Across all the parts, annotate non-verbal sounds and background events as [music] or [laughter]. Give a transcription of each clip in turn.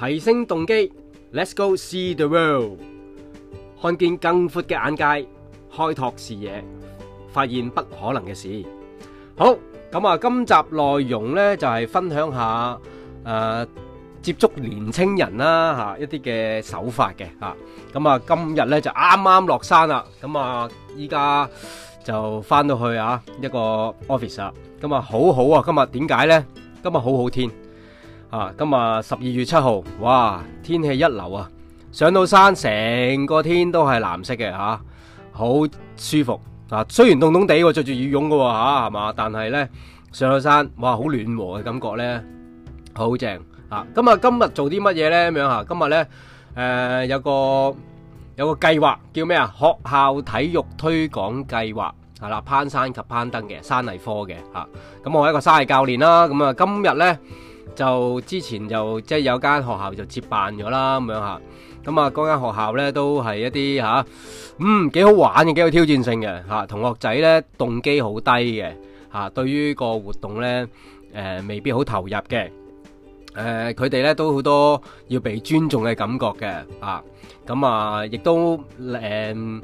提升動機，Let's go see the world，看見更闊嘅眼界，開拓視野，發現不可能嘅事。好，咁啊，今集內容呢就係分享下誒接觸年青人啦吓，一啲嘅手法嘅吓。咁啊，今日呢就啱啱落山啦，咁啊依家就翻到去啊一個 office 啦。咁啊，好好啊，今日點解呢？今日好好天。啊，今日十二月七號，哇，天氣一流啊！上到山，成個天都係藍色嘅吓，好舒服啊！雖然凍凍地，我着住羽絨嘅吓，係咪？但係呢，上到山，哇，好暖和嘅感覺呢，好正啊！咁啊，今日做啲乜嘢呢？咁樣吓，今日呢，誒，有個有個計劃叫咩啊？學校體育推廣計劃係啦，攀山及攀登嘅山藝科嘅吓，咁我係一個山藝教練啦。咁啊，今日呢。就之前就即係、就是、有間學校就接辦咗啦咁樣吓、啊，咁啊嗰間學校咧都係一啲吓、啊，嗯，幾好玩嘅，幾有挑戰性嘅吓、啊，同學仔咧動機好低嘅吓、啊，對於個活動咧誒、呃、未必好投入嘅，誒佢哋咧都好多要被尊重嘅感覺嘅啊，咁啊亦都誒、嗯、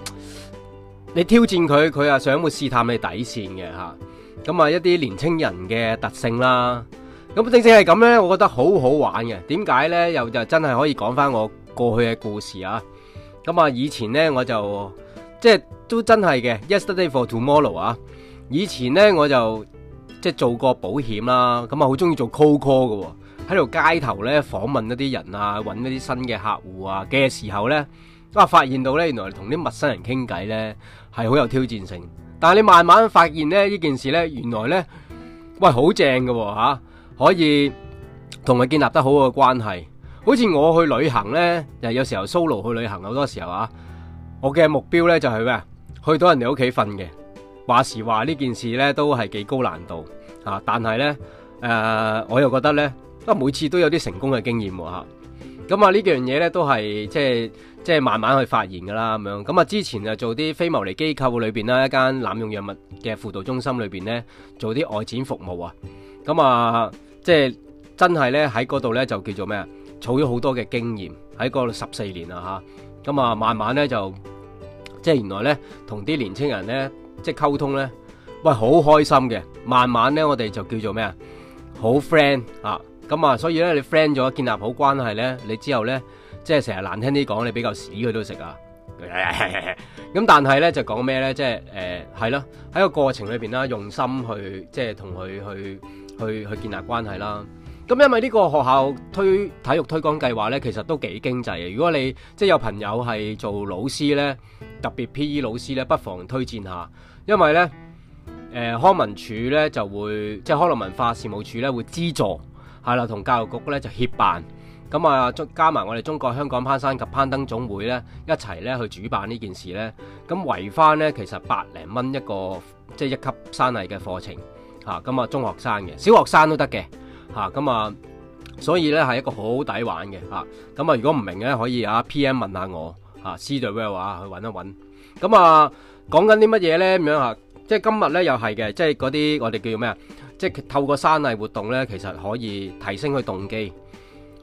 你挑戰佢，佢啊想會試探你底線嘅吓，咁啊，啊一啲年青人嘅特性啦。咁正正係咁呢，我覺得好好玩嘅。點解呢？又就真係可以講翻我過去嘅故事啊。咁啊，以前呢，我就即係都真係嘅。Yesterday for tomorrow 啊，以前呢，我就即係做過保險啦。咁啊，好中意做 call call 嘅、啊、喎，喺度街頭呢訪問一啲人啊，揾一啲新嘅客戶啊嘅時候呢，咧、啊，啊發現到呢，原來同啲陌生人傾偈呢係好有挑戰性。但係你慢慢發現呢，呢件事呢，原來呢，喂好正嘅吓。可以同佢建立得好嘅關係，好似我去旅行呢，又有時候 solo 去旅行好多時候啊，我嘅目標呢就，就係咩去到人哋屋企瞓嘅話時話呢件事呢，都係幾高難度嚇、啊，但係呢，誒、呃、我又覺得呢，不過每次都有啲成功嘅經驗喎。咁啊呢幾樣嘢呢，都係即係即係慢慢去發現噶啦咁樣。咁啊之前啊做啲非牟利機構裏邊啦，一間濫用藥物嘅輔導中心裏邊呢，做啲外展服務啊，咁啊～即係真係咧，喺嗰度咧就叫做咩啊？儲咗好多嘅經驗喺度十四年啦吓，咁啊慢慢咧就即係原來咧同啲年青人咧即係溝通咧，喂好開心嘅，慢慢咧我哋就叫做咩啊？好 friend 啊，咁啊所以咧，你 friend 咗建立好關係咧，你之後咧即係成日難聽啲講，你比較屎佢都食啊，咁 [laughs] 但係咧就講咩咧？即係誒係囉，喺、呃、個過程裏邊啦，用心去即係同佢去。去去建立關係啦。咁因為呢個學校推體育推廣計劃呢，其實都幾經濟嘅。如果你即係有朋友係做老師呢，特別 PE 老師呢，不妨推薦下。因為呢，呃、康文署呢就會即係康樂文化事務署呢會資助，係啦，同教育局呢就協辦。咁啊，加埋我哋中國香港攀山及攀登總會呢，一齊呢去主辦呢件事呢。咁圍返呢，其實百零蚊一個即係一級山藝嘅課程。嚇，咁啊中學生嘅小學生都得嘅，嚇，咁啊，所以咧係一個好抵玩嘅，嚇。咁啊，如果唔明咧，可以啊 PM 問下我嚇，Credible 啊去揾一揾。咁啊，講緊啲乜嘢咧？咁樣嚇，即係今日咧又係嘅，即係嗰啲我哋叫做咩啊？即係透過山藝活動咧，其實可以提升佢動機，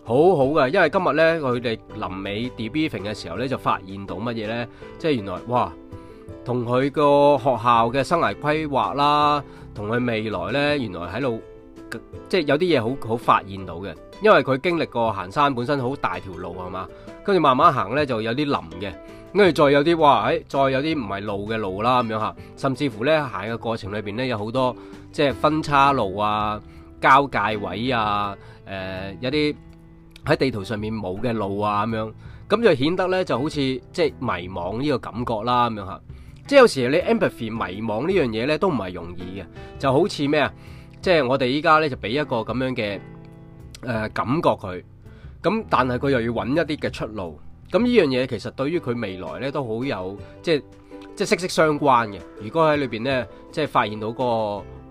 好好嘅。因為今日咧佢哋臨尾 debating 嘅時候咧，就發現到乜嘢咧？即係原來哇，同佢個學校嘅生涯規劃啦。同佢未來呢，原來喺度即係有啲嘢好好發現到嘅，因為佢經歷過行山本身好大條路係嘛，跟住慢慢行呢，就有啲林嘅，跟住再有啲哇、誒，再有啲唔係路嘅路啦咁樣嚇，甚至乎呢，行嘅過程裏邊呢，有好多即係分叉路啊、交界位啊、誒、呃、有啲喺地圖上面冇嘅路啊咁樣，咁就顯得呢，就好似即係迷茫呢個感覺啦咁樣嚇。即係有時你 empathy 迷惘呢樣嘢咧都唔係容易嘅，就好似咩啊？即係我哋依家咧就俾一個咁樣嘅誒、呃、感覺佢，咁但係佢又要揾一啲嘅出路，咁呢樣嘢其實對於佢未來咧都好有即係即係息息相關嘅。如果喺裏邊咧即係發現到個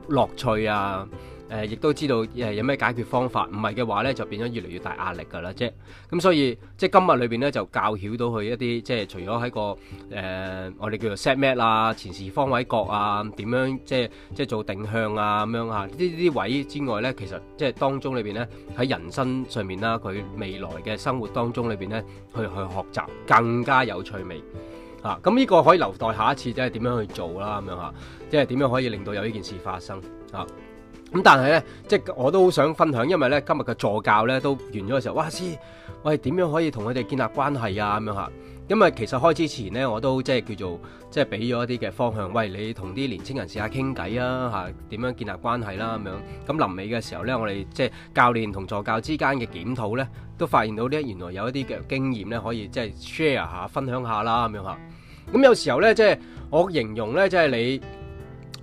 樂趣啊～誒，亦都知道誒有咩解決方法，唔係嘅話咧，就變咗越嚟越大壓力㗎啦即，咁所以即係今日裏邊咧，就教曉到佢一啲即係除咗喺個誒、呃、我哋叫做 set mat 啊、map，前時方位角啊，點樣即係即係做定向啊咁樣啊，呢啲位之外咧，其實即係當中裏邊咧喺人生上面啦，佢未來嘅生活當中裏邊咧，去去學習更加有趣味啊。咁呢個可以留待下一次即係點樣去做啦咁樣嚇，即係點樣可以令到有呢件事發生啊？咁但係咧，即係我都好想分享，因為咧今日嘅助教咧都完咗嘅時候，哇！師，喂，點樣可以同佢哋建立關係啊？咁樣吓，咁啊，其實開始之前咧，我都即係叫做即係俾咗一啲嘅方向，喂，你同啲年青人試下傾偈啊，吓，點樣建立關係啦、啊？咁樣，咁臨尾嘅時候咧，我哋即係教練同助教之間嘅檢討咧，都發現到呢，原來有一啲嘅經驗咧，可以即係 share 下，分享下啦，咁樣吓。咁有時候咧，即係我形容咧，即係你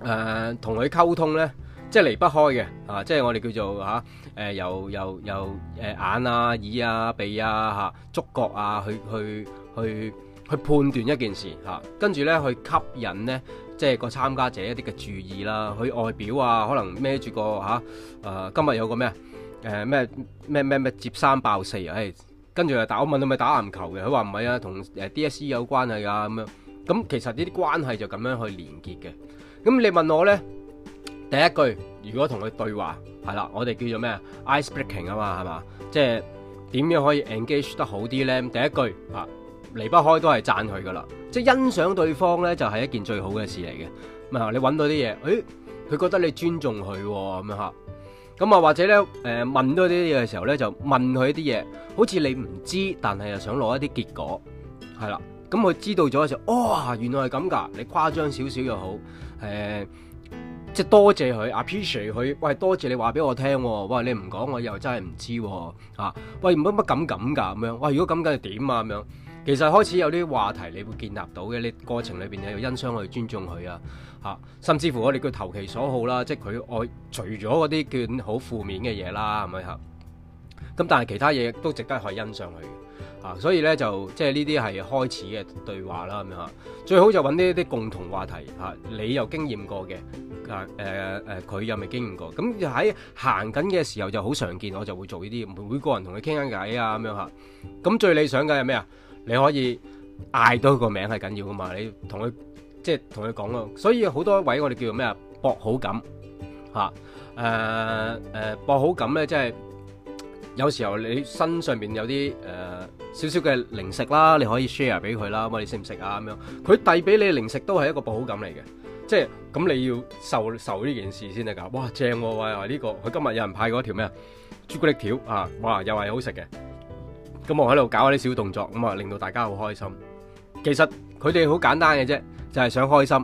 誒同佢溝通咧。即係離不開嘅，啊！即係我哋叫做吓，誒、啊，又又又誒眼啊、耳啊、鼻啊、吓、啊、觸覺啊，去去去去判斷一件事，吓、啊，跟住咧去吸引咧，即係個參加者一啲嘅注意啦。佢、啊、外表啊，可能孭住個吓，誒、啊呃，今日有個咩？誒咩咩咩咩接三爆四啊！誒、欸啊，跟住又打我問佢咪打籃球嘅，佢話唔係啊，同誒 DSE 有關係㗎咁樣。咁其實呢啲關係就咁樣去連結嘅。咁你問我咧？第一句，如果同佢對話，係啦，我哋叫做咩啊？Ice breaking 啊嘛，係嘛？即係點樣可以 engage 得好啲咧？第一句啊，離不開都係讚佢噶啦，即係欣賞對方咧，就係、是、一件最好嘅事嚟嘅。唔係啊，你揾到啲嘢，誒，佢覺得你尊重佢咁樣吓。咁啊，或者咧，誒、呃，問到啲嘢嘅時候咧，就問佢啲嘢，好似你唔知，但係又想攞一啲結果，係啦。咁佢知道咗嘅時候，哇、哦，原來係咁㗎，你誇張少少又好，誒、呃。即係多謝佢，appreciate 佢，喂多謝你話俾我聽喎，哇你唔講我又真係唔知喎，喂唔乜乜敢咁㗎咁樣，喂，這樣這樣啊、如果咁梗係點啊咁樣、啊，其實開始有啲話題你會建立到嘅，你過程裏邊有欣賞去尊重佢啊，嚇，甚至乎我哋叫投其所好啦，即係佢愛除咗嗰啲叫好負面嘅嘢啦，係咪啊？啊咁但係其他嘢都值得去欣賞，佢啊，所以咧就即係呢啲係開始嘅對話啦。咁樣嚇，最好就揾啲啲共同話題嚇、啊，你又經驗過嘅啊，誒、呃、佢、呃、又未經驗過咁？喺行緊嘅時候就好常見，我就會做呢啲每個人同佢傾緊偈啊，咁樣嚇。咁、啊、最理想嘅係咩啊？你可以嗌到佢個名係緊要噶嘛？你同佢即係同佢講咯。所以好多位我哋叫做咩啊？博好感嚇誒誒，博好感咧即係。有時候你身上邊有啲誒少少嘅零食啦，你可以 share 俾佢啦。咁啊，你食唔食啊？咁樣佢遞俾你零食都係一個報好感嚟嘅，即係咁你要受受呢件事先得㗎。哇，正喎！喂，呢個佢今日有人派過條咩朱古力條啊，哇，又係好食嘅。咁我喺度搞下啲小動作，咁啊令到大家好開心。其實佢哋好簡單嘅啫，就係想開心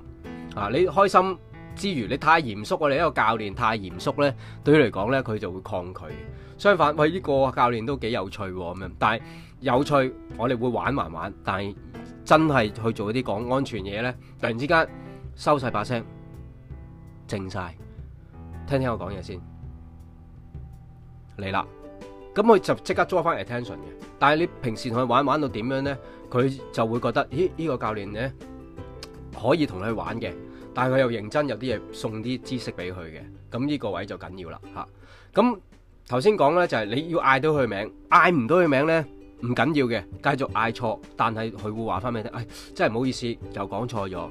啊！你開心。之餘，你太嚴肅，我哋一個教練太嚴肅咧，對於嚟講咧，佢就會抗拒。相反，喂，呢個教練都幾有趣咁樣，但係有趣，我哋會玩玩玩，但係真係去做啲講安全嘢咧，突然之間收晒把聲，靜晒，聽聽我講嘢先嚟啦。咁佢就即刻抓翻 attention 嘅。但係你平時同佢玩玩到點樣咧，佢就會覺得，咦，呢個教練咧可以同佢玩嘅。但係佢又認真，有啲嘢送啲知識俾佢嘅，咁呢個位就緊要啦嚇。咁頭先講呢，就係你要嗌到佢名，嗌唔到佢名呢，唔緊要嘅，繼續嗌錯，但係佢會話翻俾你聽，唉、哎，真係唔好意思，又講錯咗。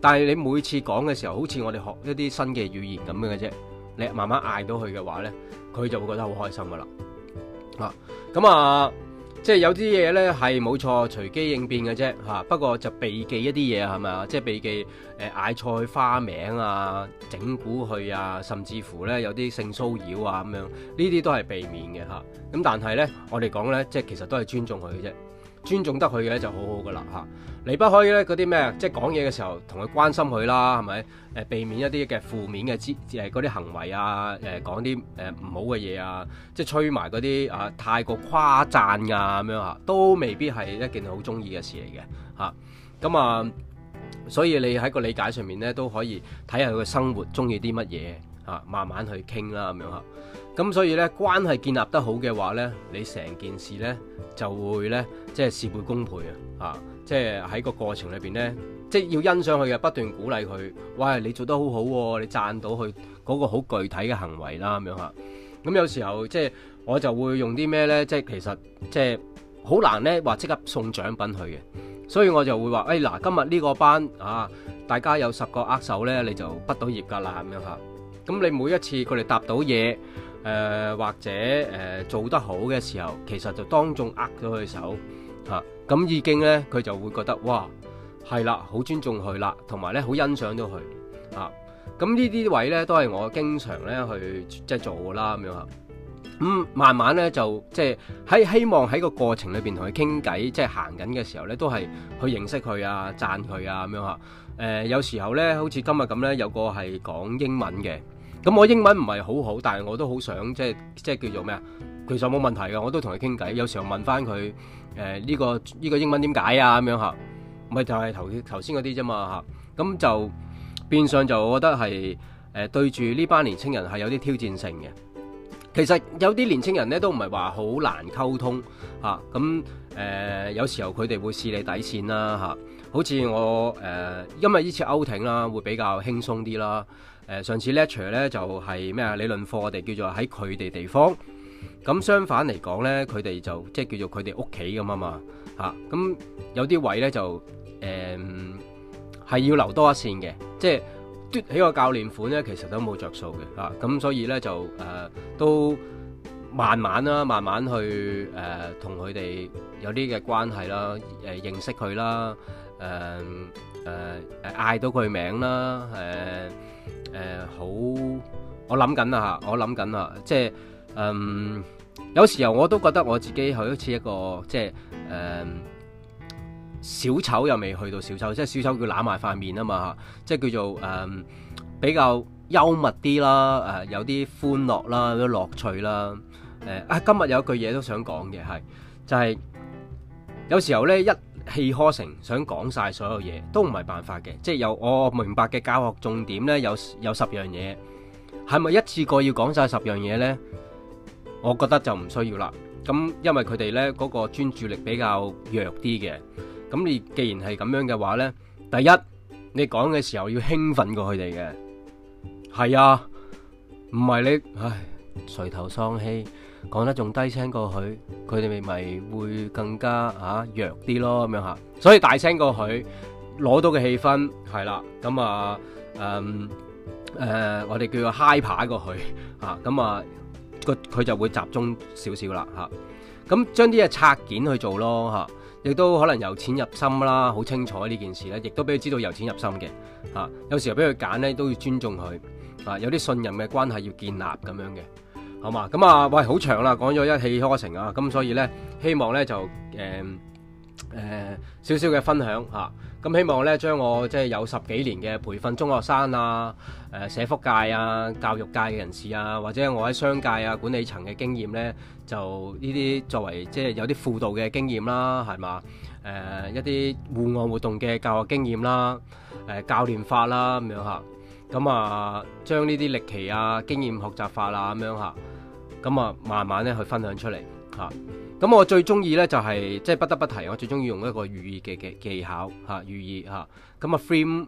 但係你每次講嘅時候，好似我哋學一啲新嘅語言咁樣嘅啫，你慢慢嗌到佢嘅話呢，佢就會覺得好開心噶啦啊！咁啊～即係有啲嘢咧係冇錯隨機應變嘅啫嚇，不過就避忌一啲嘢係咪啊？即係避忌誒嗌錯花名啊、整蠱佢啊，甚至乎咧有啲性騷擾啊咁樣，呢啲都係避免嘅嚇。咁、啊、但係咧，我哋講咧即係其實都係尊重佢嘅啫，尊重得佢嘅咧就好好噶啦嚇。啊離不開咧嗰啲咩啊？即係講嘢嘅時候，同佢關心佢啦，係咪？誒，避免一啲嘅負面嘅知誒啲行為啊，誒講啲誒唔好嘅嘢啊，即係吹埋嗰啲啊，太過誇讚啊咁樣嚇，都未必係一件好中意嘅事嚟嘅嚇。咁啊，啊，所以你喺個理解上面咧都可以睇下佢嘅生活中意啲乜嘢嚇，慢慢去傾啦咁樣嚇。咁啊，所以咧，關係建立得好嘅話咧，你成件事咧就會咧即係事半功倍啊！嚇～即係喺個過程裏邊呢，即係要欣賞佢嘅，不斷鼓勵佢。喂，你做得好好，啊，喎，你讚到佢嗰個好具體嘅行為啦，咁樣吓。咁有時候即係我就會用啲咩呢？即係其實即係好難呢話即刻送獎品佢嘅，所以我就會話，哎嗱，今日呢個班啊，大家有十個握手呢，你就畢到業噶啦咁樣吓。咁你每一次佢哋答到嘢，誒、呃、或者誒、呃、做得好嘅時候，其實就當眾握咗佢手吓。啊咁已經呢，佢就會覺得哇，係啦，好尊重佢啦，同埋呢，好欣賞到佢啊！咁呢啲位呢，都係我經常呢去即係做噶啦咁樣啊。咁、嗯、慢慢呢，就即係喺希望喺個過程裏邊同佢傾偈，即係行緊嘅時候呢，都係去認識佢啊、讚佢啊咁樣啊。誒、嗯呃，有時候呢，好似今日咁呢，有個係講英文嘅，咁我英文唔係好好，但係我都好想即係即係叫做咩啊？其實冇問題嘅，我都同佢傾偈，有時候問翻佢。誒呢、這個呢、這個英文點解啊？咁樣嚇，咪就係頭頭先嗰啲啫嘛嚇。咁就變相就我覺得係誒、呃、對住呢班年青人係有啲挑戰性嘅。其實有啲年青人咧都唔係話好難溝通嚇。咁、啊、誒、嗯呃、有時候佢哋會試你底線啦嚇、啊。好似我誒、呃、因為呢次歐挺啦，會比較輕鬆啲啦。誒、啊、上次 lecture 咧就係咩啊理論課，我哋叫做喺佢哋地方。咁相反嚟講咧，佢哋就即係叫做佢哋屋企咁啊嘛嚇。咁有啲位咧就誒係、呃、要留多一線嘅，即係嘟起個教練款咧，其實都冇着數嘅啊。咁所以咧就誒、呃、都慢慢啦，慢慢去誒同佢哋有啲嘅關係啦，誒、呃、認識佢啦，誒誒嗌到佢名啦，誒誒好我諗緊啊，嚇、呃，我諗緊啊。即係。嗯，um, 有時候我都覺得我自己好似一個即係誒小丑又未去到小丑，即係小丑叫攬埋塊面啊嘛嚇，即係叫做誒、um, 比較幽默啲啦，誒、啊、有啲歡樂啦，有啲樂趣啦。誒啊，今日有一句嘢都想講嘅係，就係有時候咧一氣呵成想講晒所有嘢都唔係辦法嘅，即係有我明白嘅教學重點咧有有十樣嘢，係咪一次過要講晒十樣嘢咧？我覺得就唔需要啦，咁因為佢哋呢嗰、嗰個專注力比較弱啲嘅，咁你既然係咁樣嘅話呢，第一你講嘅時候要興奮過佢哋嘅，係啊，唔係你唉垂頭喪氣講得仲低聲過佢，佢哋咪咪會更加吓、啊、弱啲咯咁樣吓，所以大聲過佢攞到嘅氣氛係啦，咁啊嗯誒我哋叫個嗨牌過佢吓，咁啊。佢就會集中少少啦嚇，咁將啲嘢拆件去做咯嚇，亦、啊、都可能由淺入深啦，好清楚呢、啊、件事咧，亦都俾佢知道由淺入深嘅嚇、啊，有時候俾佢揀咧都要尊重佢，啊有啲信任嘅關係要建立咁樣嘅，好嘛，咁啊喂好長啦，講咗一氣呵成啊，咁所以呢，希望呢就誒。嗯誒少少嘅分享嚇，咁、啊、希望咧將我即係有十幾年嘅培訓中學生啊、誒、呃、社福界啊、教育界嘅人士啊，或者我喺商界啊、管理層嘅經驗咧，就呢啲作為即係有啲輔導嘅經驗啦，係嘛？誒、呃、一啲戶外活動嘅教學經驗啦，誒、呃、教練法啦咁樣嚇，咁啊將呢啲歷奇啊經驗學習法啦啊咁樣嚇，咁啊慢慢咧去分享出嚟嚇。啊咁我最中意咧就係即係不得不提，我最中意用一個寓意嘅嘅技巧吓，寓意吓。咁啊，frame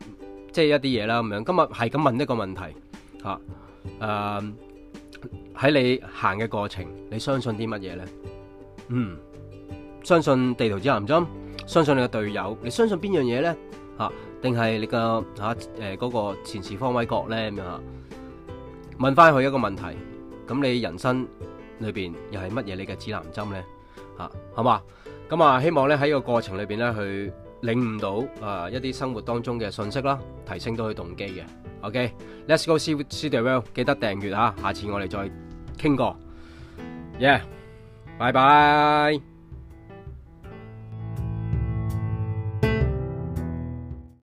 即係一啲嘢啦，咁樣。今日係咁問一個問題吓，誒、啊、喺你行嘅過程，你相信啲乜嘢咧？嗯，相信地圖指南針，相信你嘅隊友，你相信邊樣嘢咧？吓、啊，定係你個吓誒個前視方位角咧？咁樣吓，問翻佢一個問題，咁你人生裏邊又係乜嘢你嘅指南針咧？吓，好嘛，啊？咁啊，嗯，希望咧喺個過程裏邊咧，去領悟到啊一啲生活當中嘅信息啦，提升到佢動機嘅。OK，let's、okay? go see see the world。記得訂閱啊，下次我哋再傾過。Yeah，拜拜。